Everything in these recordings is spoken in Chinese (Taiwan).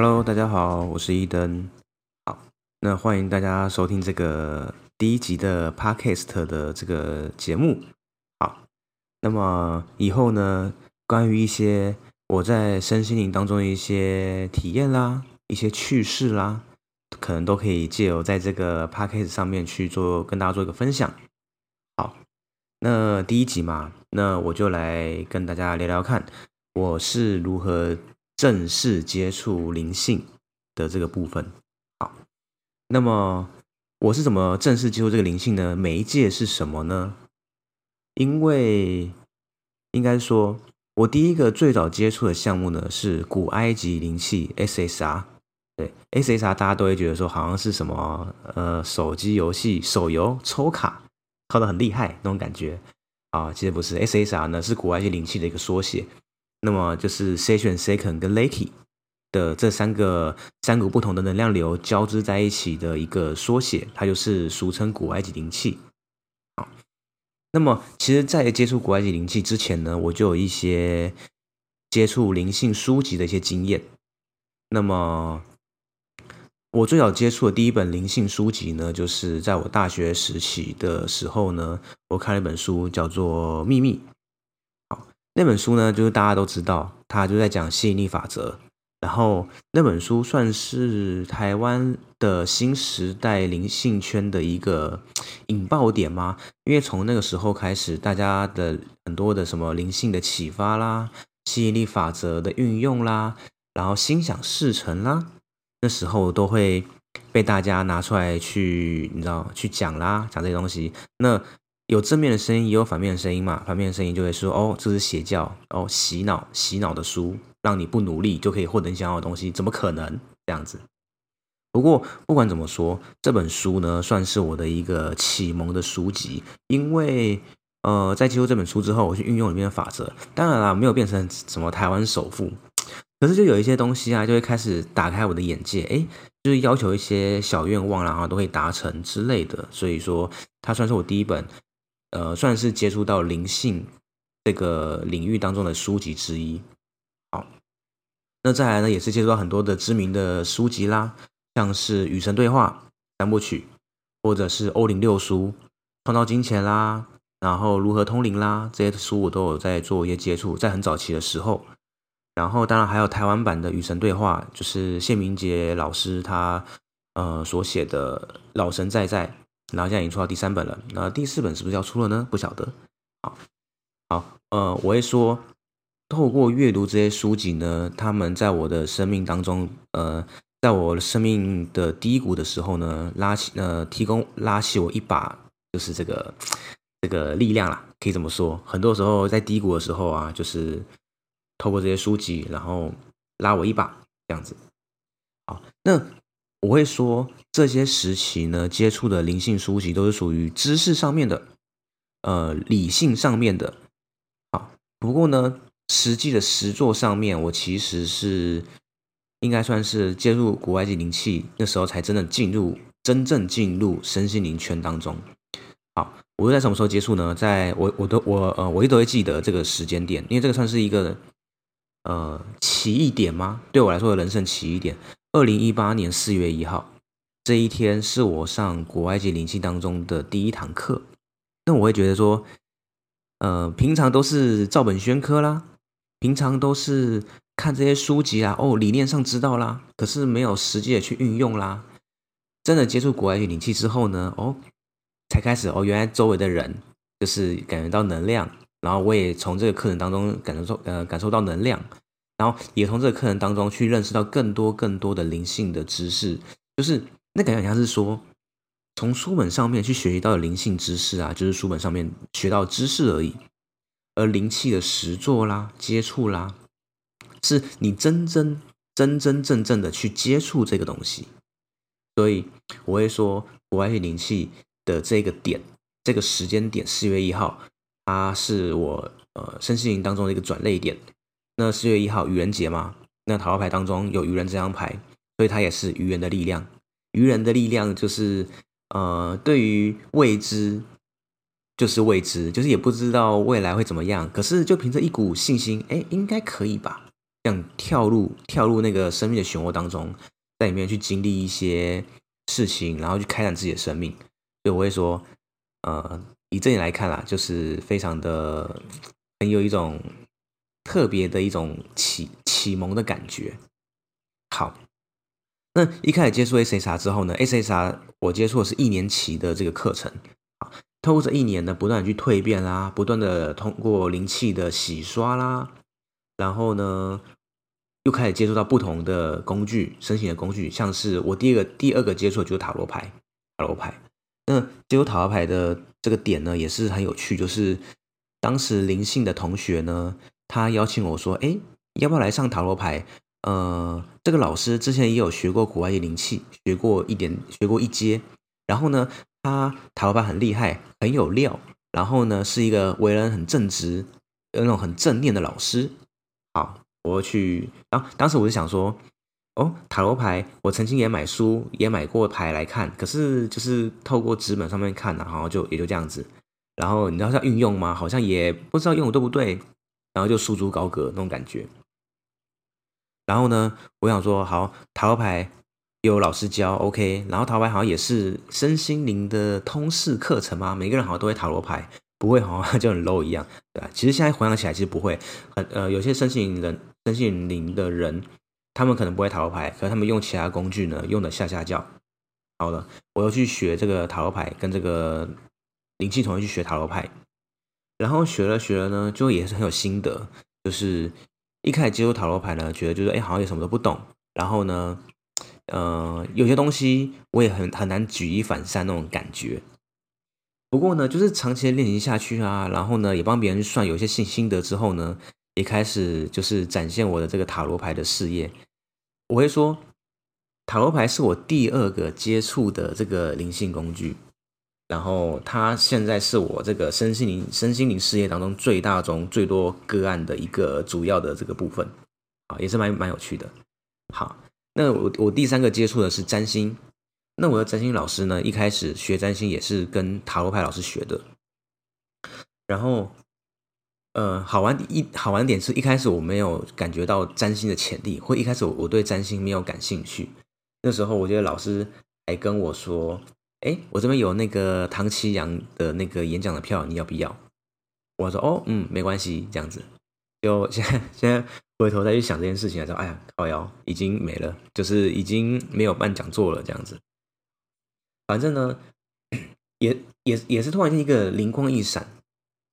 Hello，大家好，我是 Eden。好，那歡迎大家收聽這個第一集的 Podcast 的這個節目。好，那麼以後呢，關於一些我在身心靈當中一些體驗啦，一些趣事啦，可能都可以借由在這個 Podcast 上面去做跟大家做一個分享。好，那第一集嘛，那我就來跟大家聊聊看，我是如何。正式接觸靈性的這個部分，好，那麼我是怎麼正式接觸這個靈性呢？媒介是什麼呢？因為應該說我第一個最早接觸的項目呢是古埃及靈氣 SSR，對 SSR 大家都會覺得說好像是什麼呃手機遊戲手遊抽卡抽的很厲害那種感覺啊，其實不是 SSR 呢是古埃及靈氣的一個縮寫。那麼就是 Sekhem、Seichim 跟 Reiki 的這三個三股不同的能量流交織在一起的一個縮寫，它就是俗稱古埃及靈氣。啊，那麼其實，在接觸古埃及靈氣之前呢，我就有一些接觸靈性書籍的一些經驗。那麼我最早接觸的第一本靈性書籍呢，就是在我大學時期的時候呢，我看了一本書，叫做《秘密》。那本書呢，就是大家都知道，他就在講吸引力法則。然後那本書算是台灣的新時代靈性圈的一個引爆點嗎？因為從那個時候開始，大家的很多的什麼靈性的啟發啦、吸引力法則的運用啦，然後心想事成啦，那時候都會被大家拿出來去，你知道去講啦，講這些東西。那有正面的聲音，也有反面的聲音嘛。反面的聲音就會說：“哦，這是邪教，然後、哦、洗腦、洗腦的書，讓你不努力就可以獲得你想要的東西，怎麼可能？”這樣子。不過，不管怎麼說，這本書呢，算是我的一個啟蒙的書籍。因為，呃，在接觸這本書之後，我去運用裡面的法則。當然啦，沒有變成什麼台灣首富，可是就有一些東西啊，就會開始打開我的眼界。哎，就是要求一些小願望、啊，然後都可以達成之類的。所以說，它算是我第一本。呃，算是接觸到靈性這個領域當中的書籍之一。好，那再來呢，也是接觸到很多的知名的書籍啦，像是《與神對話》三部曲，或者是歐林六書《創造金錢》啦，然後《如何通靈》啦，這些書我都有在做一些接觸，在很早期的時候。然後，當然還有台灣版的《與神對話》，就是謝明杰老師他呃所寫的《老神在在》。然後現在已經出到第三本了，那第四本是不是要出了呢？不曉得。好，好，呃，我會說，透過閱讀這些書籍呢，他們在我的生命當中，呃，在我的生命的低谷的時候呢，拉起呃，提供拉起我一把，就是這個這個力量啦，可以這麼說。很多時候在低谷的時候啊，就是透過這些書籍，然後拉我一把，這樣子。好，那。我會說，這些時期呢，接觸的靈性書籍都是屬於知識上面的，呃，理性上面的。啊，不過呢，實際的實作上面，我其實是應該算是接入古埃及靈氣，那時候才真的進入真正進入身心靈圈當中。好，我會在什麼時候接觸呢？在我我都我呃，我一直會記得這個時間點，因為這個算是一個呃奇異點嘛？對我來說的人生奇異點。二零一八年四月一號，這一天是我上古埃及靈氣當中的第一堂課。那我會覺得說，呃，平常都是照本宣科啦，平常都是看這些書籍啊，哦，理念上知道啦，可是沒有實際的去運用啦。真的接觸古埃及靈氣之後呢，哦，才開始哦，原來周圍的人就是感覺到能量，然後我也從這個課程當中感受，呃，感受到能量。然後也從這個課程當中去認識到更多更多的靈性的知識，就是那感覺好像是說，從書本上面去學習到的靈性知識啊，就是書本上面學到知識而已。而靈氣的實作啦、接觸啦，是你真真真真正正的去接觸這個東西。所以我會說，我愛靈氣的這個點，這個時間點四月一號，它是我呃身心靈當中的一個轉捩點。那四月一號愚人節嘛，那塔羅牌當中有愚人這張牌，所以它也是愚人的力量。愚人的力量就是，呃，對於未知，就是未知，就是也不知道未來會怎麼樣。可是就憑着一股信心，哎，應該可以吧？這樣跳入跳入那個生命的漩渦當中，在裡面去經歷一些事情，然後去開展自己的生命。所以我會說，呃，以這裡來看啦，就是非常的很有一種。特別的一種啟啟蒙的感覺。好，那一開始接觸 SSR 之後呢 SSR 我接觸的是一年期的這個課程。透過這一年呢，不斷去蛻變啦，不斷的通過靈氣的洗刷啦，然後呢，又開始接觸到不同的工具，身形的工具，像是我第二個第二個接觸的就是塔羅牌，塔羅牌。那接觸塔羅牌的這個點呢，也是很有趣，就是當時靈性的同學呢。他邀請我說：“哎，要不要來上塔羅牌？呃，這個老師之前也有學過古埃及靈氣，學過一點，學過一階。然後呢，他塔羅牌很厲害，很有料。然後呢，是一個為人很正直、有那種很正念的老師。好，我去。然後當時我就想說：哦，塔羅牌，我曾經也買書，也買過牌來看，可是就是透過紙本上面看啊，然後就也就這樣子。然後你知道他運用嗎？好像也不知道用的對不對。”然後就束之高閣那種感覺，然後呢，我想說好，塔羅牌也有老師教，OK，然後塔羅牌好像也是身心靈的通識課程嘛？每個人好像都會塔羅牌，不會好像就很 low 一樣，對吧？其實現在回想起來，其實不會很，呃，有些身心靈的、身心靈的人，他們可能不會塔羅牌，可是他們用其他工具呢，用得嚇嚇叫。好了，我又去學這個塔羅牌，跟這個靈氣同學去學塔羅牌。然後學了學了呢，就也是很有心得。就是一開始接觸塔羅牌呢，覺得就是哎，好像也什麼都不懂。然後呢，呃，有些東西我也很很難舉一反三那種感覺。不過呢，就是長期的練習下去啊，然後呢，也幫別人算，有些心得之後呢，也開始就是展現我的這個塔羅牌的事業。我會說，塔羅牌是我第二個接觸的這個靈性工具。然後他現在是我這個身心靈、身心靈事業當中最大宗、最多個案的一個主要的這個部分，啊，也是蠻蠻有趣的。好，那我我第三個接觸的是占星，那我的占星老師呢，一開始學占星也是跟塔羅牌老師學的。然後，呃，好玩一好玩一點是一開始我沒有感覺到占星的潛力，或一開始我，我對占星沒有感興趣。那時候我覺得老師還跟我說。誒，我這邊有那個唐綺陽的那個演講的票，你要不要？我說哦，嗯，沒關係，這樣子。就現在現在回頭再去想這件事情的時候，哎呀，高瑤已經沒了，就是已經沒有辦講座了，這樣子。反正呢，也也也是突然間一個靈光一閃，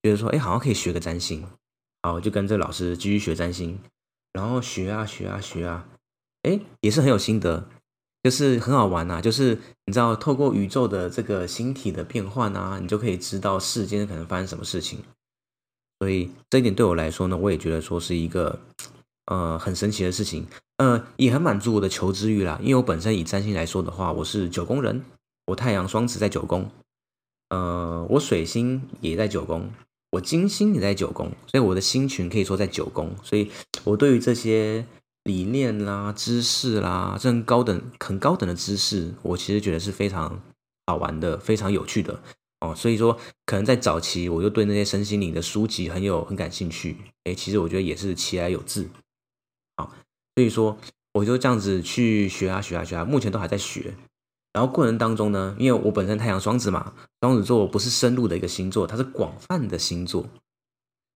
就是說，哎，好像可以學個占星，好，就跟這老師繼續學占星，然後學啊學啊學啊，哎、啊，也是很有心得。就是很好玩吶、啊，就是你知道透過宇宙的這個星體的變換啊，你就可以知道世間可能發生什麼事情。所以這一點對我來說呢，我也覺得說是一個呃很神奇的事情，呃也很滿足我的求知欲啦。因為我本身以占星來說的話，我是九宮人，我太陽雙子在九宮，呃我水星也在九宮，我金星也在九宮，所以我的星群可以說在九宮，所以我對於這些。理念啦，知識啦，這種高等、很高等的知識，我其實覺得是非常好玩的，非常有趣的哦。所以說，可能在早期我就對那些身心靈的書籍很有、很感興趣。誒，其實我覺得也是其來有自，好。所以說，我就這樣子去學啊學啊學啊，目前都還在學。然後過程當中呢，因為我本身太陽雙子嘛，雙子座不是深入的一個星座，它是廣泛的星座，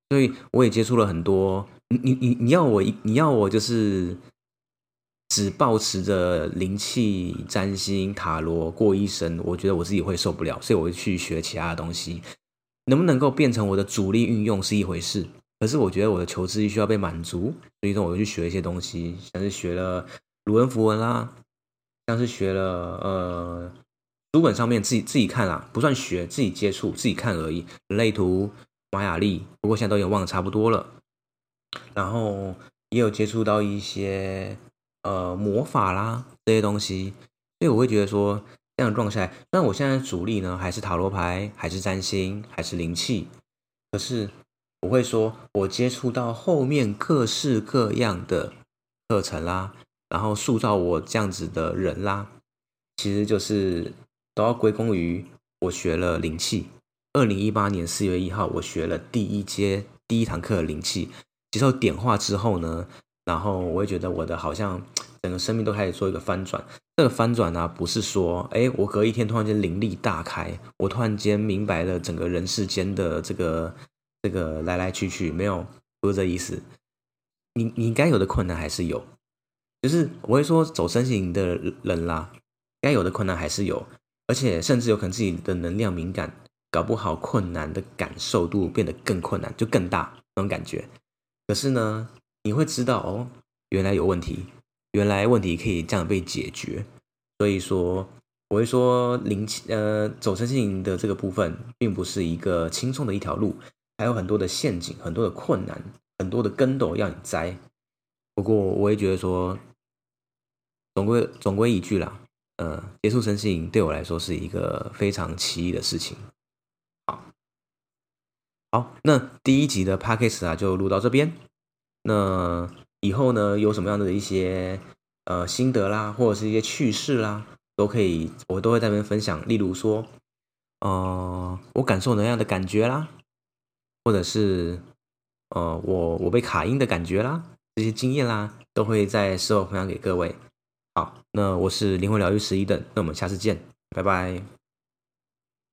所以我也接觸了很多。你你你你要我你要我就是只保持着靈氣、占星、塔羅過一生，我覺得我自己會受不了，所以我會去學其他的東西。能不能夠變成我的主力運用是一回事，可是我覺得我的求知欲需要被滿足，所以說我去學一些東西，像是學了盧恩符文啦，像是學了呃書本上面自己自己看啦，不算學，自己接觸自己看而已。人類圖、瑪雅曆，不過現在都已經忘的差不多了。然後也有接觸到一些呃魔法啦這些東西，所以我會覺得說這樣的狀態。那我現在主力呢還是塔羅牌，還是占星，還是靈氣。可是我會說，我接觸到後面各式各樣的課程啦，然後塑造我這樣子的人啦，其實就是都要歸功於我學了靈氣。二零一八年四月一號，我學了第一階第一堂課的靈氣。接受點化之後呢，然後我會覺得我的好像整個生命都開始做一個翻轉。這個翻轉呢、啊，不是說，哎，我隔一天突然間靈力大開，我突然間明白了整個人世間的這個這個來來去去，沒有，不是這意思。你你該有的困難還是有，就是我會說走身心靈的人啦、啊，該有的困難還是有，而且甚至有可能自己的能量敏感，搞不好困難的感受度變得更困難，就更大那種感覺。可是呢，你會知道哦，原來有問題，原來問題可以這樣被解決。所以說，我會說，零，呃，走身心靈的這個部分，並不是一個輕鬆的一條路，還有很多的陷阱，很多的困難，很多的跟斗要你栽。不過，我也覺得說，總歸總歸一句啦，呃，接觸身心靈對我來說是一個非常奇異的事情。好，那第一集的 podcast 啊就錄到這邊。那以後呢，有什麼樣的一些呃心得啦，或者是一些趣事啦，都可以，我都會在那邊分享。例如說，呃，我感受能量的感覺啦，或者是呃，我我被卡陰的感覺啦，這些經驗啦，都會在事後分享給各位。好，那我是靈魂療癒師 Eden，那我們下次見，拜拜。